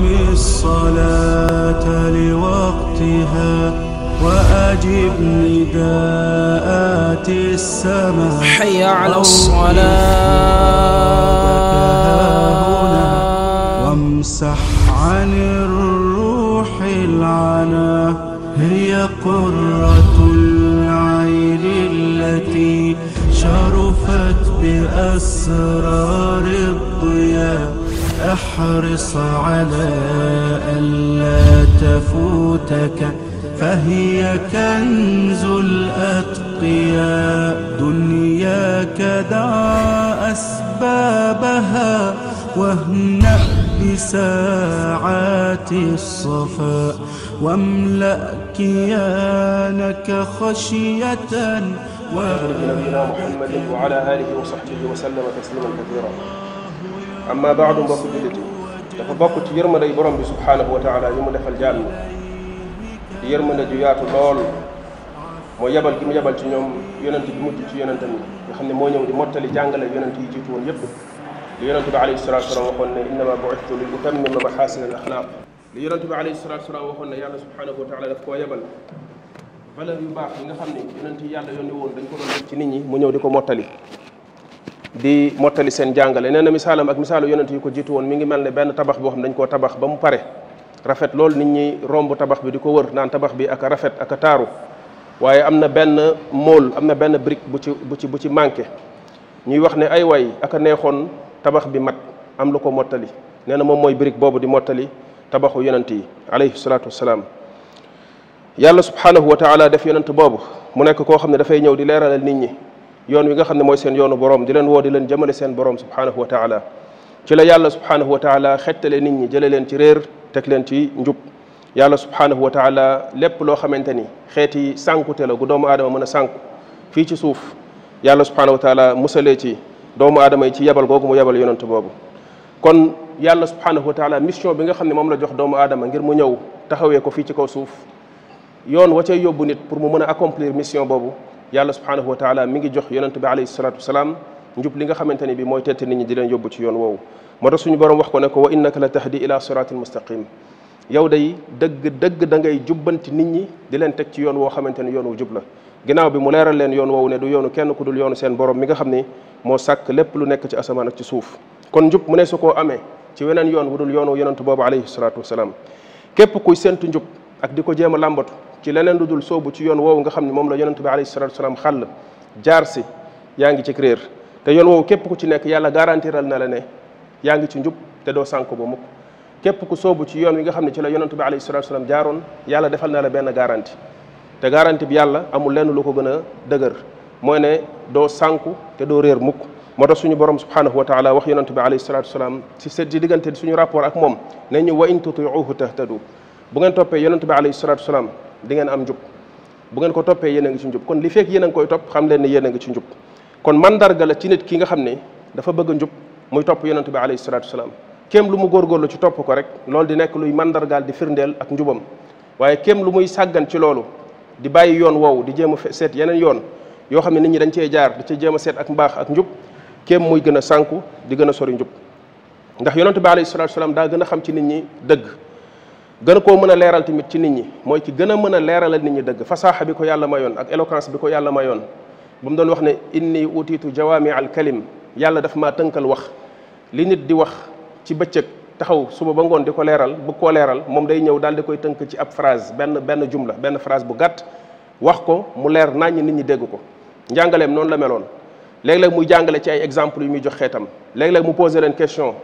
أقم الصلاة لوقتها وأجب نداءات السماء حي على الصلاة وامسح عن الروح العنا هي قرة العين التي شرفت بأسرار الضياء فاحرص على ألا تفوتك فهي كنز الأتقياء دنياك دع أسبابها واهنأ بساعات الصفاء واملأ كيانك خشية و... نبينا محمد وعلى آله وصحبه وسلم تسليما كثيرا amma baadu mbokk jullit yi dafa bokk ci yërmande yi borom bi subhaanahu wa taala yi mu defal jaam ñi di yërmande ju yaatu lool mooy yebal gi mu yebal ci ñoom yonent bi mujj ci yonentam yi nga xam ne moo ñëw di mottali jàngale yonent yi jiitu woon yépp li yonent bi alayhi salatu wasalam waxoon ne innama bu'ithtu li utammima mahasin al axlaaq li yonent bi alayhi salatu wasalam waxoon ne yàlla subhaanahu wa taala daf koo yebal valeur yu baax yi nga xam ne yonent yi yàlla yónni woon dañ ko doon def ci nit ñi mu ñëw di ko mottali di mottali seen jàngale nee na misaalam ak misaalu yonent yu ko jiitu woon mi ngi mel ne benn tabax boo xam dañ koo tabax ba mu pare rafet loolu nit ñi romb tabax bi di ko wër naan tabax bi ak a rafet ak a taaru waaye am na benn mool am na benn brique bu ci bu ci bu ci manqué ñuy wax ne ay way ak a neexoon tabax bi mat am lu ko mottali nee na moom mooy brique boobu di mottali tabaxu yonent yi alayhi salaatu salaam yàlla subhaanahu wa taala def yonent boobu mu nekk koo xam ne dafay ñëw di leeralal nit ñi yoon wi nga xam ne mooy seen yoonu borom di leen woo di leen jëmale seen borom subhanahu wa taala ci la yàlla subhanahu wa taala xettale nit ñi jële leen ci réer teg leen ci njub yàlla subhanahu wa taala lépp loo xamante ni xeeti sànkute la gu doomu adama mën a sànku fii ci suuf yàlla subhanahu wa taala musalee ci doomu adama yi ci yebal googu mu yebal yonent boobu kon yàlla subhanahu wa taala mission bi nga xam ne moom la jox doomu aadama ngir mu ñëw taxawee ko fii ci kaw suuf yoon wa cay nit pour mu mën a accomplir mission boobu yàlla subhaanahu wa taala mi ngi jox yonent bi alayhi salaatu wasalaam njub li nga xamante ni bi mooy tette nit ñi di leen yóbbu ci yoon woowu moo tax suñu borom wax ko ne ko wa innaka la tahdi ila siratin mustaqim yow day dëgg dëgg da ngay jubbanti nit ñi di leen teg ci yoon woo xamante ni yoon wu jub la ginnaaw bi mu leeral leen yoon woowu ne du yoonu kenn ku dul yoonu seen borom mi nga xam ni moo sàkk lépp lu nekk ci asamaan ak ci suuf kon njub mu ne su koo amee ci weneen yoon wu dul yoonu yonent boobu alayhi salaatu képp kuy séntu njub ak di ko jéem a làmbatu ci leneen lu dul soobu ci yoon woowu nga xam ne moom la yonentu bi alayhi salatu wasalaam xàll jaar si yaa ngi ci réer te yoon woowu képp ku ci nekk yàlla garantiral na la ne yaa ngi ci njub te doo sànk ba mukk képp ku soobu ci yoon wi nga xam ne ci la yonentu bi alayhi salatu wasalaam jaaroon yàlla defal na la benn garanti te garanti bi yàlla amul lenn lu ko gën a dëgër mooy ne doo sànku te doo réer mukk moo tax suñu borom subhanahu wa taala wax yonentu bi alayhi salatu wasalaam si seen si diggante suñu rapport ak moom ne ñu wa in tutiuhu tahtadu bu ngeen toppee yonentu bi alayhi salatu wasalaam di ngeen am njub bu ngeen ko toppee yéen ngi ci njub kon li fekk yéen a ngi koy topp xam leen ne yéen ngi ci njub kon mandarga ci nit ki nga xam ne dafa bëgg njub muy topp yonent bi alayhi salaatu wasalaam lu mu góorgóorlu ci topp ko rek loolu di nekk luy mandargaal di firndeel ak njubam waaye kéem lu muy sàggan ci loolu di bàyyi yoon woowu di jéem a seet yeneen yoon yoo xam ne nit ñi dañ cee jaar di ca jéem seet ak mbaax ak njub kéem muy gën a sànku di gën a sori njub ndax yonent bi alayhi salaatu wasalaam daa gën a xam ci nit ñi dëgg gën koo mën a leeral tamit ci nit ñi mooy ci gën a mën a leeralal nit ñi dëgg fasaaxa bi ko yàlla mayoon ak éloquence bi ko yàlla mayoon ba mu doon wax ne inni utiitu jawaami al yàlla daf maa tënkal wax li nit di wax ci bëccëg taxaw suba ba ngoon di ko leeral bu koo leeral moom day ñëw daal di koy tënk ci ab phrase benn benn jumla benn phrase bu gàtt wax ko mu leer naññ nit ñi dégg ko njàngaleem noonu la meloon léeg-léeg muy jàngale ci ay exemple yu muy jox xeetam léeg-léeg mu posé leen question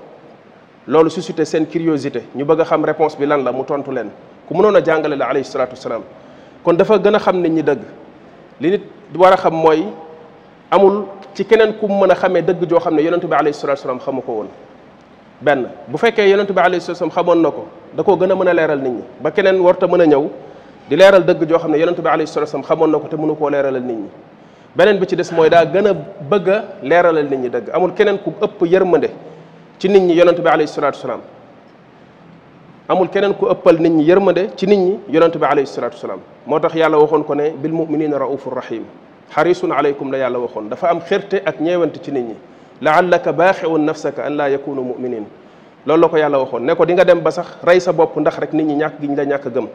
loolu suscité seen curiosité ñu bëgg xam réponse bi lan la mu tontu leen ku mënoon a jàngale la alayhi salaatu kon dafa gën a xam nit ñi dëgg li nit war a xam mooy amul ci keneen ku mën a xamee dëgg joo xam ne yonentu bi alayhi salaatu wasalaam xamu ko woon benn bu fekkee yonentu bi alayhi salaatu wasalaam xamoon na ko da koo gën a mën a leeral nit ñi ba keneen war te mën a ñëw di leeral dëgg joo xam ne yonentu bi alayhi salaatu wasalaam xamoon na ko te mënu koo leeralal nit ñi beneen bi ci des mooy daa gën a bëgg a leeralal nit ñi dëgg amul keneen ku ëpp yërmande ci nit ñi yonent bi alayhi salaatu salaam amul keneen ku ëppal nit ñi yërmande ci nit ñi yonent bi alayhi salaatu salaam moo tax yàlla waxoon ko ne bil muminina raufur rahim xarisun aleykum la yàlla waxoon dafa am xérte ak ñeewante ci nit ñi laallaka baaxiun nafsaka an laa yakunu muminin loolu la ko yàlla waxoon ne ko di nga dem ba sax rey sa bopp ndax rek nit ñi ñàkk gi ñu ñàkk gëm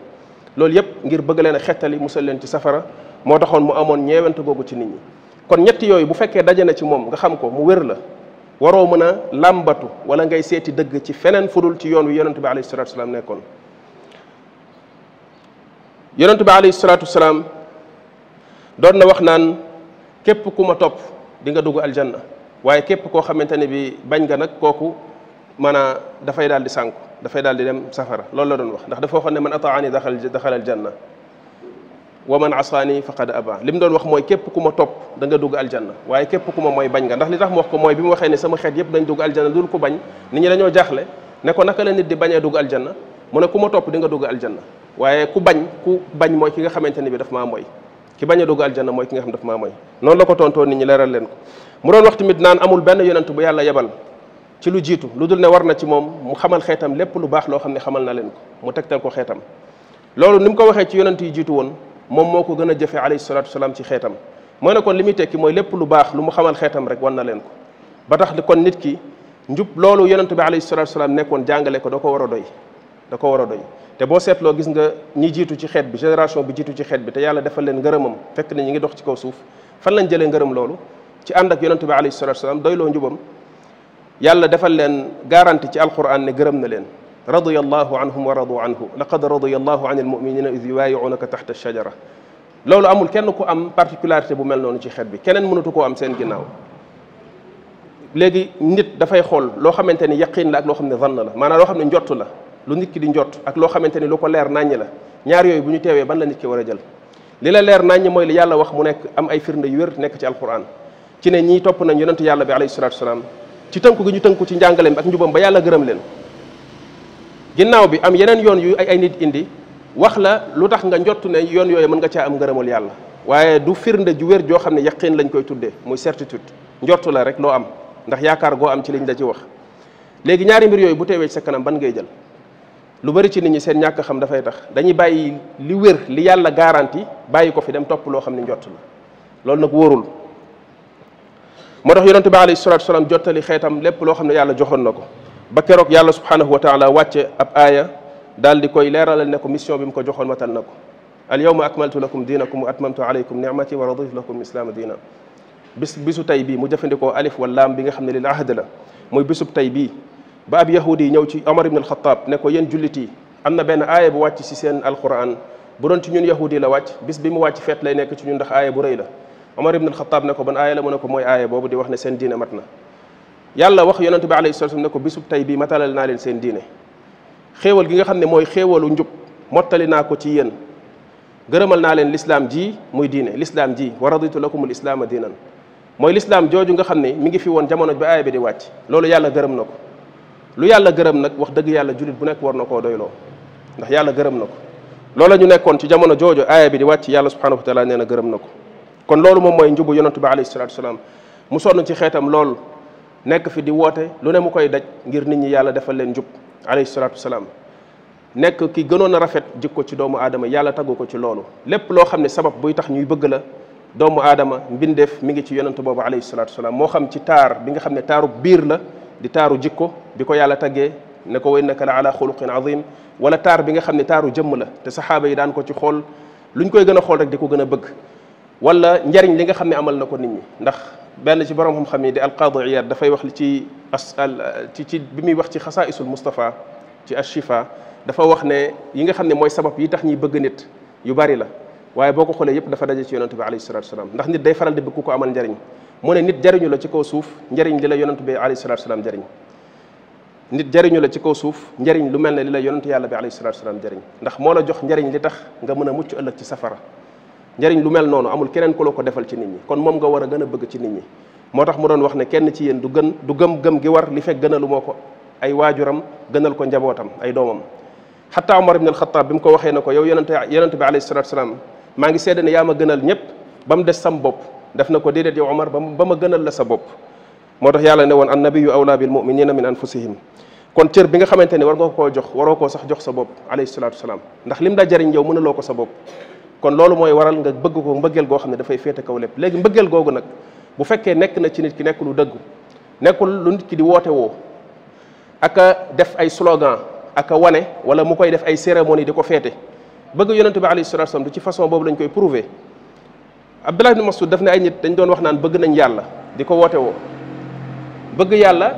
loolu yépp ngir bëgg leen a xettali musal leen ci safara moo taxoon mu amoon ñewent googu ci nit ñi kon ñetti yooyu bu fekkee daje na ci moom nga xam ko mu wér la waroo mën a làmbatu wala ngay seeti dëgg ci feneen fudul ci yoon wi yonent bi alayhi salatu wasalaam nekkoon yonent bi alayhi salatu wasalaam doon na wax naan képp ku ma topp di nga dugg aljanna waaye képp koo xamante ne bi bañ nga nag kooku man a dafay daal di sànku dafay daal di dem safara loolu la doon wax ndax dafa waxoon ne man ataani daxal daxal aljanna wa man asaani faqad aba li mu doon wax mooy képp ku ma topp da nga dugg aljanna waaye képp ku ma mooy bañ nga ndax li tax mu wax ko mooy bi mu waxee ne sama xeet yëpp dañ dugg aljanna dul ko bañ nit ñi dañoo jaaxle ne ko naka la nit di bañee dugg aljanna mu ne ku ma topp di nga dugg aljanna waaye ku bañ ku bañ mooy ki nga xamante ne bi daf maa mooy ki bañ a dugg aljanna mooy ki nga xam daf maa mooy noonu la ko tontoo nit ñi leeral leen ko mu doon tamit naan amul benn yonent bu yàlla yebal lu jiitu lu dul ne war na ci moom mu xamal xeetam lépp lu xam ne xamal na leen ko mu tegtal ko xeetam loolu ni mu ko waxee ci yonent yi jiitu woon moom moo ko gën a jëfe alayhi salaatu wasalaam ci xeetam mooy ne kon li muy tekki mooy lépp lu baax lu mu xamal xeetam rek war na leen ko ba tax kon nit ki njub loolu yonent bi alayhi salaatu wasalaam nekkoon jàngale ko da ko war a doy da ko war te boo seetloo gis nga ñi jiitu ci xeet bi génération bi jiitu ci xeet bi te yàlla defal leen ngërëmam fekk na ñi ngi dox ci kaw suuf fan lañ jëlee ngërëm loolu ci ànd ak yonent bi alayhi salaatu wasalaam doyloo njubam yàlla defal leen garanti ci alquran ne gërëm na leen radiya allahu anhum wa radu anhu laqad radiya allahu an almuminina id yuwaayicuunaka taxta alshajara loolu amul kenn ku am particularité bu mel noonu ci xet bi keneen mënatu koo am seen ginnaaw léegi nit dafay xool loo xamante ni yaqiin la ak loo xam ne zann la maanaam loo xam ne njott la lu nit ki di njott ak loo xamante ni lu ko leer nàññ la ñaar yooyu bu ñu teewee ban la nit ki war a jël li la leer nàññ mooy li yàlla wax mu nekk am ay firnde yu wér nekk ci alquran ci ne ñii topp nañ yonentu yàlla bi alayhi salatu wasalaam ci tënku gi ñu tënku ci njàngaleem ak njubam ba yàlla gërëm leen ginnaaw bi am yeneen yoon yu ay ay nit indi wax la lu tax nga njott ne yoon yooyu mën nga caa am ngërëmul yàlla waaye du firnde ju wér joo xam ne yaqin lañ koy tuddee muy certitude njott la rek loo am ndax yaakaar goo am ci liñ la ci wax léegi ñaari mbir yooyu bu teewee ci sa kanam ban ngay jël lu bari ci nit ñi seen ñàkk xam dafay tax dañuy bàyyi li wér li yàlla garanti bàyyi ko fi dem topp loo xam ne njott la loolu nag wóorul moo tax yonente bi alayhi salatu salaam jottali xeetam lépp loo xam ne yàlla joxoon na ko ba keroog yàlla subhanahu wa taala wàcce ab aaya daal di koy leeralal ne ko mission bi mu ko joxoon matal na ko al yawma akmaltu lakum diinakum wa atmamtu alaykum nicmati wa raditu lakum islaama diina bis bisu tey bi mu jëfandikoo alif wal laam bi nga xam ne lil ahd la muy bisub tey bi ba ab yahudi yi ñëw ci ne ko yéen jullit yi am na benn aaya bu wàcc si seen alquran bu doon ci ñun yahudi la wàcc bis bi mu wàcc feet lay nekk ci ñun ndax aaya bu rëy la omar ibn alxataab ne ko ban aaya la mu ne ko mooy aaya boobu di wax ne seen diine mat na yàlla wax yonente bi alayhi salaam ne ko bisub tey bii matalal naa leen seen diine xéewal gi nga xam ne mooy xéewalu njub mottali naa ko ci yéen gërëmal naa leen lislaam ji muy diine lislaam ji wa raditu lakumul islaama diinan mooy lislaam jooju nga xam ne mi ngi fi woon jamono ba aaya bi di wàcc loolu yàlla gërëm na ko lu yàlla gërëm nag wax dëgg yàlla jullit bu nekk war na koo doyloo ndax yàlla gërëm na ko loola ñu nekkoon ci jamono jooju aaya bi di wàcc yàlla subhanahu wa taala nee na gërëm na ko kon loolu moom mooy njubu yonente bi alayhi salatu wasalaam mu sonn ci xeetam loolu nekk fi di woote lu ne mu koy daj ngir nit ñi yàlla defal leen njub alayhi salaatu wasalaam nekk ki gënoon a rafet jikko ci doomu aadama yàlla taggu ko ci loolu lépp loo xam ne sabab buy tax ñuy bëgg la doomu aadama mbindeef mi ngi ci yonent boobu alayhi salaatu wasalaam moo xam ci taar bi nga xam ne taaru biir la di taaru jikko bi ko yàlla taggee ne ko wa innaka la ala xuluqin azim wala taar bi nga xam ne taaru jëmm la te saxaaba yi daan ko ci xool luñ koy gën a xool rek di ko gën a bëgg wala njariñ li nga xam ne amal na ko nit ñi ndax benn ci borom xam-xam yi di alqaadi Iyaad dafay wax li ci as ci ci bi muy wax ci xasaaisul Mustafa ci ashifa dafa wax ne yi nga xam ne mooy sabab yi tax ñuy bëgg nit yu bari la waaye boo ko xoolee yëpp dafa daje ci yonent bi alayhi salatu salaam ndax nit day faral di bëgg ku ko amal njariñ mu ne nit jariñu la ci kaw suuf njariñ li la yonent bi alayhi salatu salaam jariñ nit jariñu la ci kaw suuf njariñ lu mel ne li la yonent yàlla bi alayhi salatu salaam jariñ ndax moo la jox njariñ li tax nga mën a mucc ëllëg ci safara njariñ lu mel noonu amul keneen ku la ko defal ci nit ñi kon moom nga war a gën a bëgg ci nit ñi moo tax mu doon wax ne kenn ci yéen du gën du gëm-gëm gi war li fekk gënalu moo ko ay waajuram gënal ko njabootam ay doomam xataa omar ibn alxataab bi mu ko waxee ne ko yow yonente yonente bi alayhi salatu wasalaam maa ngi seede ne yaa ma gënal ñëpp ba mu des sam bopp def na ko déedéet yow omar ba ba ma gënal la sa bopp moo tax yàlla ne woon an nabiyu awla bil muminina min anfusihim kon cër bi nga xamante ne war nga koo waroo koo sax jox sa bopp alayhi salatu wasalaam ndax lim la jariñ yow mënaloo ko sa bopp kon loolu mooy waral nga bëgg ko mbëggeel goo xam ne dafay féete kaw lépp léegi mbëggeel googu nag bu fekkee nekk na ci nit ki nekk lu dëggu nekkul lu nit ki di woote woo ak def ay slogan ak wane wala mu koy def ay cérémonie di ko féete bëgg yonente bi alayhi salatu bi du ci façon boobu lañ koy prouver Abdullah ibn Mas'ud daf ne ay nit dañ doon wax naan bëgg nañ yàlla di ko woote woo bëgg yàlla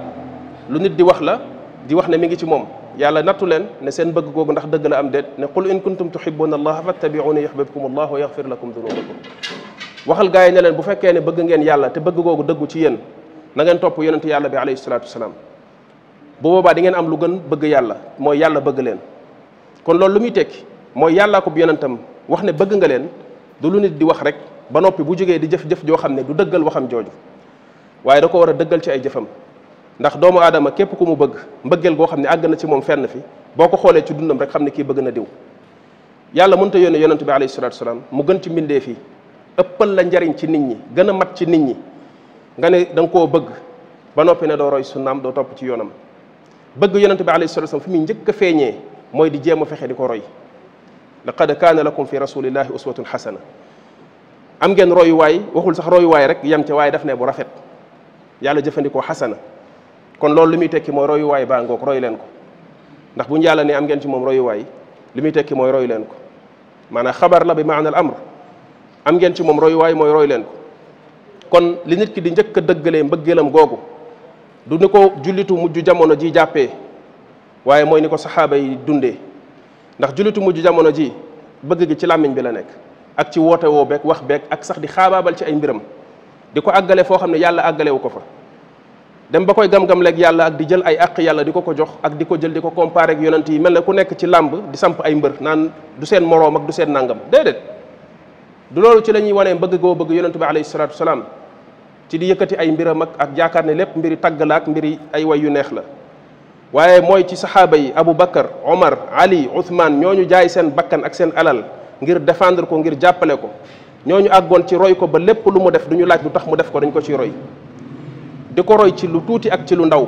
lu nit di wax la di wax ne mi ngi ci moom yàlla nattu leen ne seen bëgg googu ndax dëgg la am déet ne qul in kuntum tuhibbuna allaha fattabi'uni yuhbibkum allah wa yaghfir lakum dunubakum waxal gars yi ne leen bu fekkee ne bëgg ngeen yàlla te bëgg googu dëggu ci yéen na ngeen topp yonent yàlla bi alayhi salaatu wasalaam bu boobaa di ngeen am lu gën bëgg yàlla mooy yàlla bëgg leen kon loolu lu muy tekki mooy yàllaa ko bu yonentam wax ne bëgg nga leen du lu nit di wax rek ba noppi bu jógee di jëf-jëf joo xam ne du dëggal waxam jooju waaye da ko war a dëggal ay jëfam ndax doomu aadama képp ku mu bëgg mbëggeel goo xam ne àgg na ci moom fenn fi boo ko xoolee ci dundam rek xam ne kii bëgg na diw yàlla mënta yónne yonent bi alayhi salaatu salaam mu gën ci mbindee fii ëppal la njariñ ci nit ñi gën a mat ci nit ñi nga ne da nga koo bëgg ba noppi ne doo roy sunnaam doo topp ci yoonam bëgg yonent bi alayhi salaatu salaam fi muy njëkk a feeñee mooy di jéem a fexe di ko roy laqad kaana lakum fi rasulillahi uswatun xasana am ngeen royuwaay waxul sax royuwaay rek yam ca waaye daf ne bu rafet yàlla jëfandikoo xasana kon loolu li muy tekki mooy royuwaay baa ngoog roy leen ko ndax bu ñu yàlla ne am ngeen ci moom royuwaay li muy tekki mooy roy leen ko maanaam xabar la bi maanaam amr am ngeen ci moom royuwaay mooy roy leen ko kon li nit ki di njëkk a dëggalee mbëggeelam googu du ni ko jullitu mujj jamono ji jàppee waaye mooy ni ko saxaaba yi dundee ndax jullitu mujj jamono ji bëgg gi ci làmmiñ bi la nekk ak ci woote woo beeg wax beeg ak sax di xaabaabal ci ay mbiram di ko àggale foo xam ne yàlla àggalewu ko fa dem ba koy gam-gam yàlla ak di jël ay àq yàlla di ko ko jox ak di ko jël di ko comparé ak yonent yi mel ne ku nekk ci làmb di samp ay mbër naan du seen moroom ak du seen nangam déedéet du loolu ci lañuy ñuy wanee bëgg goo bëgg yonent bi alayhi salaatu salaam ci di yëkkati ay mbiram ak ak jaakaar ne lépp mbiri tàgg la ak mbiri ay way yu neex la waaye mooy ci saxaaba yi Abu Bakar Omar Ali ñoo ñu jaay seen bakkan ak seen alal ngir defendre ko ngir jàppale ko ñoo ñu àggoon ci roy ko ba lépp lu mu def du ñu laaj lu mu def ko dañ ko ciy roy di ko roy ci lu tuuti ak ci lu ndaw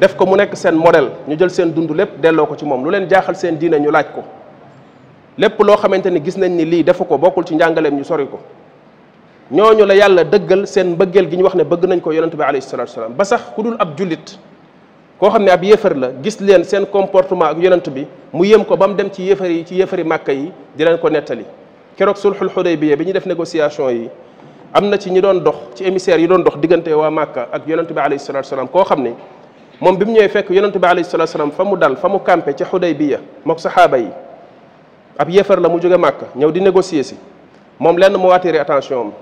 def ko mu nekk seen modèle ñu jël seen dund lépp delloo ko ci moom lu leen jaaxal seen diine ñu laaj ko lépp loo xamante ni gis nañ ni lii defu ko bokkul ci njàngaleem ñu sori ko ñoo ñooñu la yàlla dëggal seen mbëggeel gi ñu wax ne bëgg nañ ko yonente bi alayhi salatu ba sax ku dul ab jullit koo xam ne ab yéefar la gis leen seen comportement ak yonent bi mu yéem ko ba mu dem ci yéefar yi ci yéefari màkka yi di leen ko nettali keroog sulxul xudaybiya bi ñu def négociation yi am na ci ñi doon dox ci émissaires yi doon dox diggante waa Màkka ak yonente bi alayhi salatu salaam koo xam ni moom bi mu ñëwee fekk yonente bi alayhi salatu salaam fa mu dal fa mu campé ca Xudaybiya mook saxaaba yi ab yéefar la mu jóge Màkka ñëw di négocier si moom lenn mu attiré attention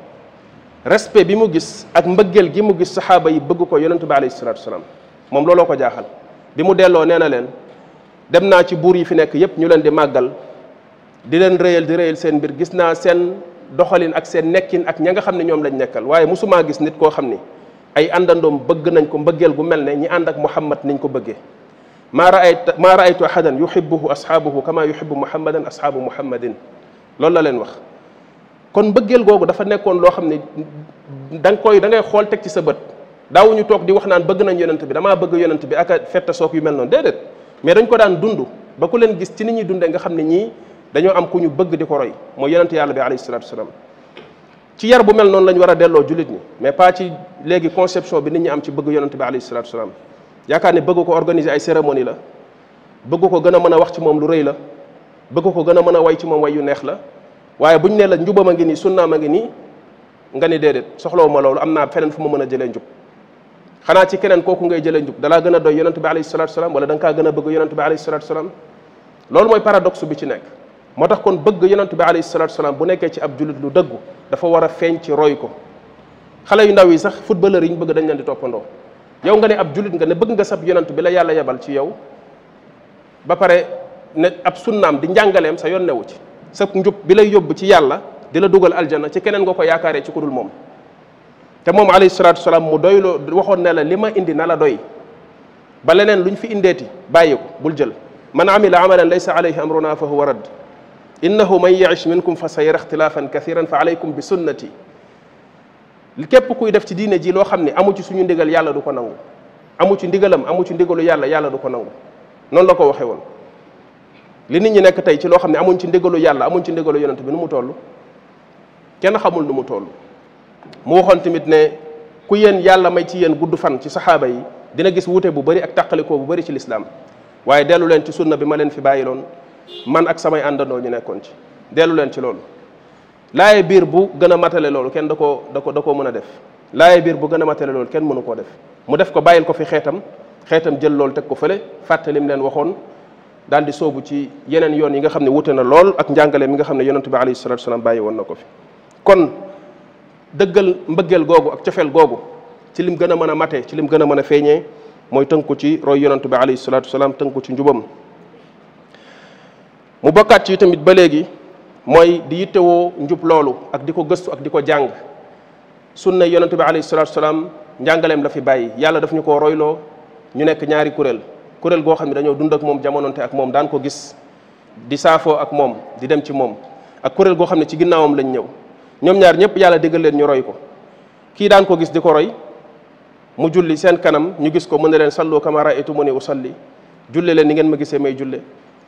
am bi mu gis ak mbëggeel gi mu gis saxaaba yi bëgg ko yonente bi alayhi salatu moom looloo ko jaaxal bi mu delloo nee na leen dem naa ci buur yi fi nekk yépp ñu leen di màggal di leen réyal di réyal seen mbir gis naa seen doxalin ak seen nekkin ak ña nga xam ne ñoom lañ nekkal waaye mosumaa gis nit koo xam ni ay àndandoom bëgg nañ ko mbëggeel gu mel ne ñi ànd ak muhammad niñ ko bëggee maa raaytu maa raaytu ahadan yuhibbuhu ashaabuhu kama yuhibbu muhammadan ashaabu muhammadin loolu la leen wax kon mbëggeel googu dafa nekkoon loo xam ne da koy dangay xool teg ci sa bët daawuñu toog di wax naan bëgg nañ yonent bi damaa bëgg yonent bi ak a fetta soog yu mel noonu déedéet mais dañ ko daan dund ba ku leen gis ci ni ñuy dundee nga xam ne ñii dañoo am ku ñu bëgg di ko roy mooy yonente yàlla bi alayhi salaatu wasalaam ci yar bu mel noonu la ñu war a delloo jullit ñi mais pas ci léegi conception bi nit ñi am ci bëgg yonente bi alayhi salaatu wasalaam yaakaar ne bëgg ko organiser ay la bëgg ko gën a mën a wax ci moom lu rëy la bëgg ko gën a mën a way ci moom way yu neex la waaye bu ñu ne la njubam a ngi nii a ngi nii nga ni déedéet soxlawuma loolu am naa feneen fu ma mën a jëlee njub xanaa ci keneen kooku ngay jëlee njub dalaa gën a doy yonente bi alayhi salaatu da nga kaa gën a bëgg yonente bi alayhi salaatu wasalaam loolu mooy paradoxe bi ci nekk moo tax kon bëgg yonent bi alayhi salaatu salaam bu nekkee ci ab jullit lu dëggu dafa war a feeñ ci roy ko xale yu ndaw yi sax footballeur yi ñu bëgg dañ leen di toppandoo yow nga ne ab jullit nga ne bëgg nga sab yonent bi la yàlla yebal ci yow ba pare ne ab sunnaam di njàngaleem sa yoon newu ci sa njub bi lay yóbbu ci yàlla di la dugal aljana ci keneen nga ko yaakaaree ci ku dul moom te moom alayhi salaam mu doy loo waxoon ne la li ma indi na la doy ba leneen lu ñu fi indeeti bàyyi ko bul jël man amila amalan laysa alayhi amruna fa huwa radd innahu man ya'ish minkum fa sayara ixtilaafan kathiran fa alaykum bi sunnati képp kuy def ci diine ji loo xam ne amu ci suñu ndigal yàlla du ko nangu amu ci ndigalam amu ci ndigalu yàlla yàlla du ko nangu noonu la ko waxee woon li nit ñi nekk tey ci loo xam ne amuñ ci ndigalu yàlla amuñ ci ndigalu yonent bi nu mu tollu kenn xamul nu mu toll mu waxoon tamit ne ku yéen yàlla may ci yéen gudd fan ci saxaaba yi dina gis wuute bu bari ak tàqalikoo bu bari ci lislaam waaye dellu leen ci sunna bi ma leen fi bàyyiloon man ak samay àndandoo ñu nekkoon ci dellu leen ci loolu laaye biir bu gën a matale loolu kenn da koo da ko da koo mën a def laaye biir bu gën a matale loolu kenn mënu koo def mu def ko bàyyil ko fi xeetam xeetam jël loolu teg ko fële fàtte lim leen waxoon daal di soobu ci yeneen yoon yi nga xam ne wute na lool ak njàngale mi nga xam ne yonent bi alayhi salatu wasalaam bàyyi woon na ko fi kon dëggal mbëggeel googu ak cofeel googu ci lim gën a mën a matee ci lim gën a mën a feeñee mooy tënku ci roy yonent bi alayhi salatu wasalaam tënku ci njubam mu bokkaat ci tamit ba léegi mooy di yittewoo njub loolu ak di ko gëstu ak di ko jàng sunna yonente bi alayhi salatu salaam njàngaleem la fi bàyyi yàlla daf ñu ko royloo ñu nekk ñaari kuréel kuréel goo xam ne dañoo dund ak moom jamononte ak moom daan ko gis di saafoo ak moom di dem ci moom ak kuréel goo xam ne ci ginnaawam lañ ñëw ñoom ñaar ñëpp yàlla déggal leen ñu roy ko kii daan ko gis di ko roy mu julli seen kanam ñu gis ko mën na leen sallu kama raaytu mu ne usalli julle leen ni ngeen ma gisee may julle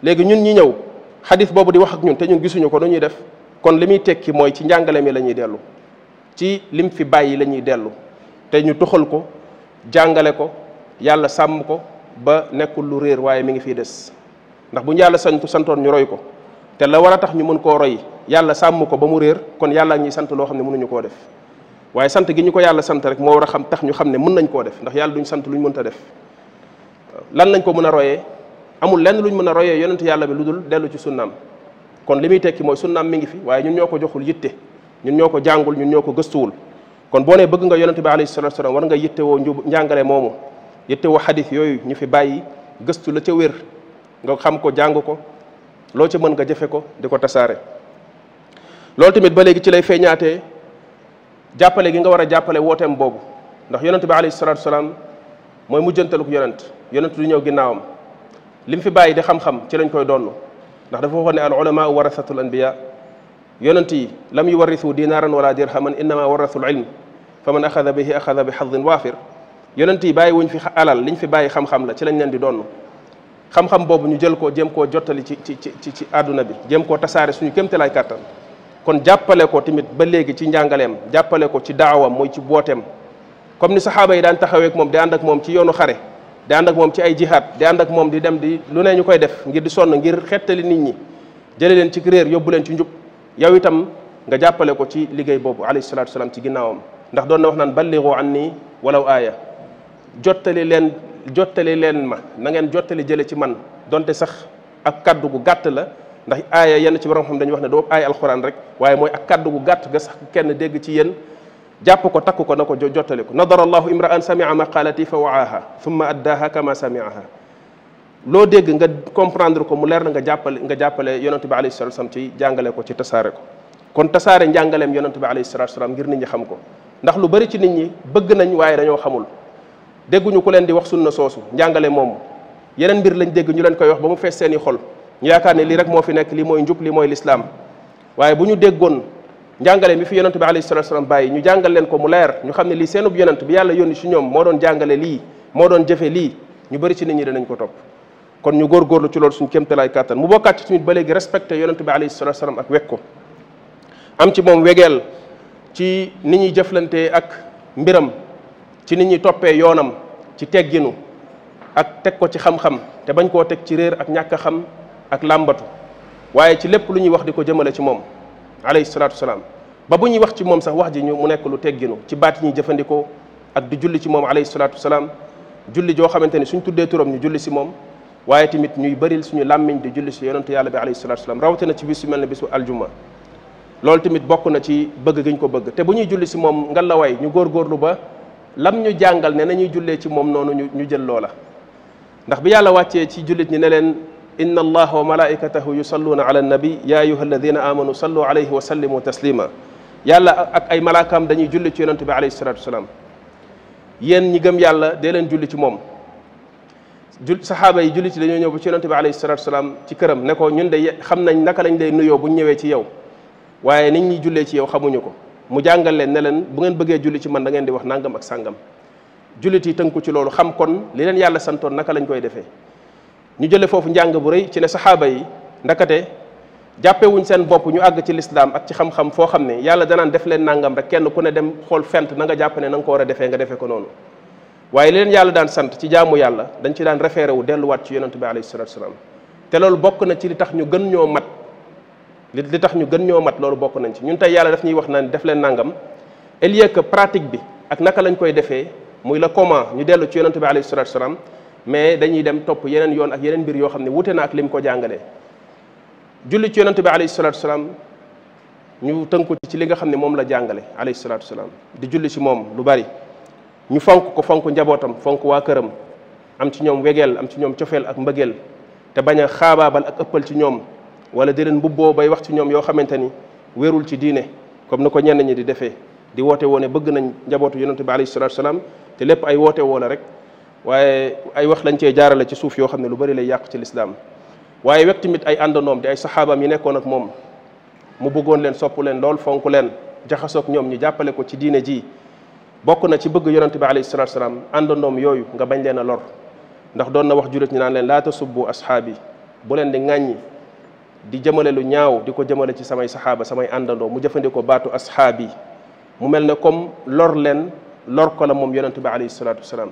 léegi ñun ñi ñëw xadis boobu di wax ak ñun te ñun gisuñu ko nu ñuy def kon li muy tekki mooy ci njàngale mi lañuy dellu ci lim fi bàyyi la ñuy dellu te ñu tuxal ko jàngale ko yàlla sàmm ko ba nekkul lu réer waaye mi ngi fiy des ndax bu ñu yàlla santu santoon ñu roy ko te la war a tax ñu mën koo roy yàlla sàmm ko ba mu réer kon yàlla ñuy sant loo xam ne mënuñu koo def waaye sant gi ñu ko yàlla sant rek moo war a xam tax ñu xam ne mën nañ koo def ndax yàlla duñu sant lu luñ mënta def lan lañ ko mën a royee amul lenn lu ñu mën a royee yonentu yàlla bi lu dul dellu ci sunnaam kon li muy tekki mooy sunnaam mi ngi fi waaye ñun ñoo ko joxul yitte ñun ñoo ko jàngul ñun ñoo ko gëstuwul kon boo nee bëgg nga yonente bi alayhi salatu wasalam war nga yitte woo njàngale moomu yitte woo xadis yooyu ñu fi bàyyi gëstu la ca wér nga xam ko jàng ko loo ca mën nga jëfe ko di ko tasaare loolu tamit ba léegi ci lay feeñaatee jàppale gi nga war a jàppale wooteem boobu ndax yonente bi alayhi salatu wasalam mooy mujjantalu ko yonent yonent du ñëw ginnaawam lim fi bàyyi de xam-xam ci lañ koy donn ndax dafa waxoon ne al ulama warasatul anbiya yonent yi lam yuwarrisu dinaaran wala dirhaman innama warasul ilm fa man axada bihi axada bi xadin waafir yonent yi bàyyi wuñ fi alal liñ fi bàyyi xam-xam la ci lañ leen di donn xam-xam boobu ñu jël koo jéem koo jottali ci ci ci ci àdduna bi jéem koo tasaare suñu kéemtalaay kàttan kon jàppale ko tamit ba léegi ci njàngaleem jàppale ko ci daawam mooy ci booteem comme ni saxaaba yi daan taxawee moom di ànd moom ci yoonu xare di ànd ak moom ci ay jihaad di ànd ak moom di dem di lu ne ñu koy def ngir di sonn ngir xettali nit ñi jële leen ci réer yóbbu leen ci njub yow itam nga jàppale ko ci liggéey boobu alayhi salaatu wasalaam ci ginnaawam ndax doon na wax naan balligu nii walaw aaya jottali leen jottali leen ma na ngeen jottali jële ci man donte sax ak kaddu gu gàtt la ndax aaya yenn ci borom xam dañuy wax ne doo aaya alxuraan rek waaye mooy ak kàddu gu gàtt nga sax kenn dégg ci yéen jàpp ko takk ko na ko jottali ko nadara allahu imraan samia maqalati fa waaha thumma addaaha kama samiaha loo dégg nga comprendre ko mu leer na nga jàppale nga jàppale yonente bi alayhi salatu salaam ci jàngale ko ci tasaare ko kon tasaare njàngaleem yonente bi alayhi salatu salaam ngir nit ñi xam ko ndax lu bari ci nit ñi bëgg nañ waaye dañoo xamul dégguñu ku leen di wax sunna soosu njàngale moomu yeneen mbir lañ dégg ñu leen koy wax ba mu fees seeni xol ñu yaakaar ne lii rek moo fi nekk lii mooy njub mooy lislaam waaye bu ñu déggoon njàngale mi fi yonent bi alayhi salatu salaam bàyyi ñu jàngal leen ko mu leer ñu xam ne lii seenub yonent bi yàlla yónni si ñoom moo doon jàngale lii moo doon jëfe lii ñu bëri ci nit ñi danañ ko topp kon ñu góorgóorlu ci loolu suñ kéemtalaay kàttan mu bokkaat ci tamit ba léegi respecté yonent bi alayhi salatu salaam ak wekk ko am ci moom wegeel ci ni ñuy jëflante ak mbiram ci nit ñuy toppee yoonam ci tegginu ak teg ko ci xam-xam te bañ koo teg ci réer ak ñàkk xam ak làmbatu waaye ci lépp lu ñuy wax di ko jëmale ci moom alayhi salaatu salaam ba bu ñuy wax ci moom sax wax ji ñu mu nekk lu tegginu ci baat yi ñuy jëfandikoo ak di julli ci moom alayhi salaatu joo xamante ni suñ tuddee turam ñu julli si moom waaye tamit ñuy bari bëril ñu làmmiñ di julli si yonentu yàlla bi alayhi salaatu salaam rawatina ci bis yu mel ne bisu aljuma loolu tamit bokk na ci bëgg gi ñu ko bëgg te bu ñuy julli si moom nga la way ñu góorgóorlu ba lam ñu jàngal ne na ñuy jullee ci moom noonu ñu jël loola ndax bi yàlla wàccee ci jullit ñi ne leen inna allaha wa malaikatahu yusalluuna ala nabi ya ayuha alladina amanu sallu alayhi wa sallimu taslima yàlla ak ay malaakaam dañuy julli ci yonente bi alayhi salatu wasalaam yéen ñi gëm yàlla dee leen julli ci moom jul saxaaba yi julli ci dañoo ñëw ci yonente bi alayhi salatu ci këram ne ko ñun de xam nañ naka lañ lay nuyoo bu ñu ñëwee ci yow waaye niñ ñuy jullee ci yow xamuñu ko mu jàngal leen ne leen bu ngeen bëggee julli ci man da ngeen di wax nangam ak sàngam jullit yi tënku ci loolu xam kon li leen yàlla santoon naka lañ koy defee ñu jële foofu njàng bu rëy ci ne saxaaba yi ndakate jàppewuñ seen bopp ñu àgg ci lislaam ak ci xam-xam foo xam ne yàlla danaan def leen nangam rek kenn ku ne dem xool fent na nga jàpp ne na ko war a defee nga defee ko noonu waaye leen yàlla daan sant ci jaamu yàlla dañ ci daan référé wu delluwaat ci yonente bi alayhi salatu wasalaam te loolu bokk na ci li tax ñu gën ñoo mat li li tax ñu gën ñoo mat loolu bokk nañ ci ñun tey yàlla daf ñuy wax naan def leen nangam au lieu pratique bi ak naka lañ koy defee muy la comment ñu dellu ci yonente bi alayhi salatu wasalaam mais dañuy dem topp yeneen yoon ak yeneen mbir yoo xam ne wute na ak lim ko jàngale julli ci yonent bi alayhi salaatu salaam ñu tënku ci li nga xam ne moom la jàngale alayhi salaatu salaam di julli ci moom lu bari ñu fonk ko fonk njabootam fonk waa këram am ci ñoom wegeel am ci ñoom cofeel ak mbëggeel te bañ a xaabaabal ak ëppal ci ñoom wala di leen mbubboo bay wax ci ñoom yoo xamante ni wérul ci diine comme ni ko ñeen ñi di defee di woote woone bëgg nañ njabootu yonent bi alayhi salaatu salaam te lépp ay woote rek waaye ay wax lañ cee jaarale ci suuf yoo xam ne lu bari lay yàq ci lislaam waaye wek tamit ay àndandoom di ay saxaabaam yi nekkoon ak moom mu bëggoon leen sopp leen lool fonk leen jaxasoog ñoom ñu jàppale ko ci diine ji bokk na ci bëgg yonente bi alayhi salatu salaam yooyu nga bañ leen a lor ndax na wax jullit ñi naan leen laa tasubbu asxaabi bu leen di ŋàññi di jëmale lu ñaaw di ko jëmale ci samay saxaaba samay àndandoo mu jëfandikoo baatu asxaabi mu mel ne comme lor leen lor ko la moom yonente bi alayhi salatu wasalaam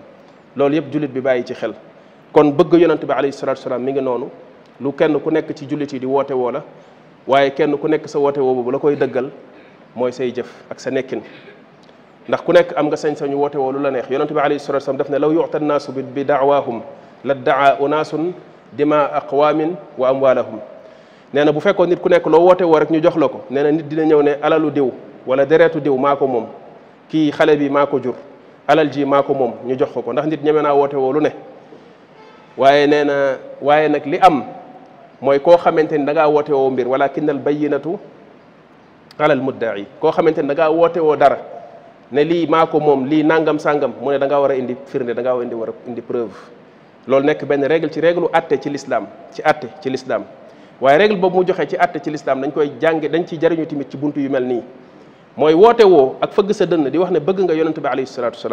loolu yëpp jullit bi bàyyi ci xel kon bëgg yonent bi alayhi salaatu salaam mi ngi noonu lu kenn ku nekk ci jullit yi di woote woo la waaye kenn ku nekk sa woote woo boobu la koy dëggal mooy say jëf ak sa nekkin ndax ku nekk am nga sañ-sañu woote woo lu la neex yonent bi alayhi salaatu salaam daf ne law yuta naasu bi bi daawaahum la daa unaasun dima aqwaamin wa amwaalahum nee na bu fekkoon nit ku nekk loo woote woo rek ñu jox la ko nee na nit dina ñëw ne alalu diw wala deretu diw maa ko moom kii xale bi maa ko jur alal ji maa ko moom ñu jox ko ko ndax nit ñeme naa woote woo lu ne waaye nee na waaye nag li am mooy koo xamante ni da ngaa woote woo mbir walakin al bayyinatu alal mudda'i koo xamante ni da ngaa woote woo dara ne lii maako moom lii nangam sangam mu ne dangaa ngaa war a indi firnde da ngaa war a indi war indi preuve loolu nekk benn règle ci règle atte ci l'islam ci atte ci l'islam waaye règle boobu mu joxe ci atte ci l'islam dañ koy jànge dañ ciy jariñu tamit ci buntu yu mel nii mooy woote woo ak fëgg sa dënn di wax ne bëgg nga yonent bi alayhi salaatu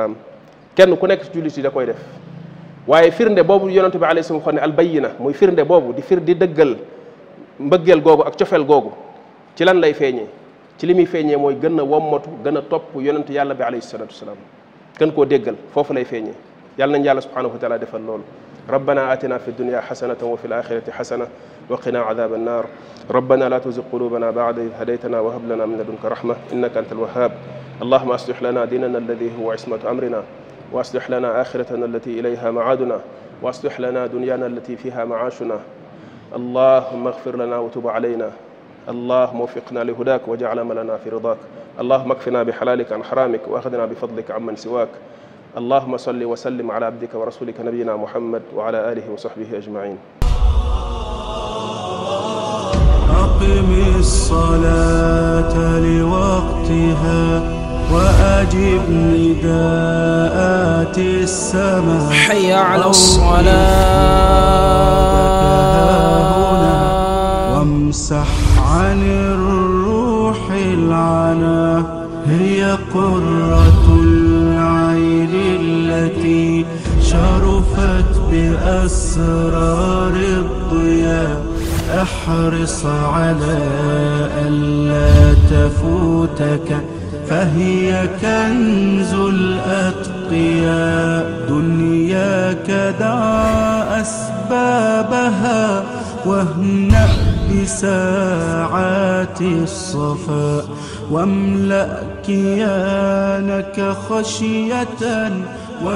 kenn ku nekk ci jullit yi da koy def waaye firnde boobu yonent bi alayhi salaam xam ne albayina muy firnde boobu di fir di dëggal mbëggeel googu ak cofeel googu ci lan lay feeñee ci li muy feeñee mooy gën a wommatu gën a topp yonent yàlla bi alayhi salaatu wasalaam gën koo déggal foofu lay feeñee yàlla nañ yàlla subhanahu wa taala defal loolu rabbana atina fi dunia xasanatan wa fi laxirati xasana wa qina adab annar rabbana la tuzig qulubana bada id hadaytana wa hab lana min ladunka rahma innaka anta alwahab allahuma aslix lana dinana alladi huwa ismatu amrina wa aslix lana axiratana allati ilayha macaaduna wa aslix lana dunyana allati fiha macaashuna allahuma agfir lana wa tub alayna اللهم وفقنا لهداك واجعل عملنا في رضاك اللهم اكفنا بحلالك عن حرامك واخذنا بفضلك عمن سواك allahuma salli wa sallim ala abdika wa rasulika nabiyina muhammad wa ala alihi wa sahbihi ajmain أقم الصلاة لوقتها وأجب نداءات السماء حي على الصلاة وامسح عن الروح العنا هي قرة أسرار الضياء احرص على ألا تفوتك فهي كنز الأتقياء دنياك دع أسبابها واهنأ بساعات الصفاء واملأ كيانك خشية